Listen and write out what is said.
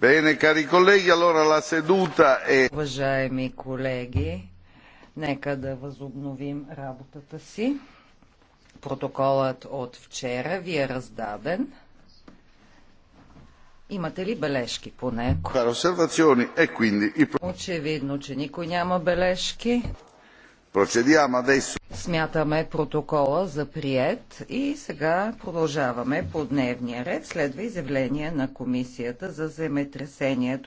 Bene, cari colleghi, allora la seduta è... Уважаеми колеги, нека да възобновим работата си. Протоколът от вчера ви е раздаден. Имате ли бележки по него? Е, Очевидно, че никой няма бележки. Смятаме протокола за прият и сега продължаваме по дневния ред. Следва изявление на Комисията за земетресението.